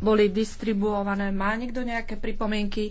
boli distribuované. Má niekto nejaké pripomienky?